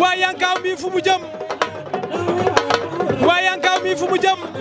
waa Yankaw mi mi fu mu jëm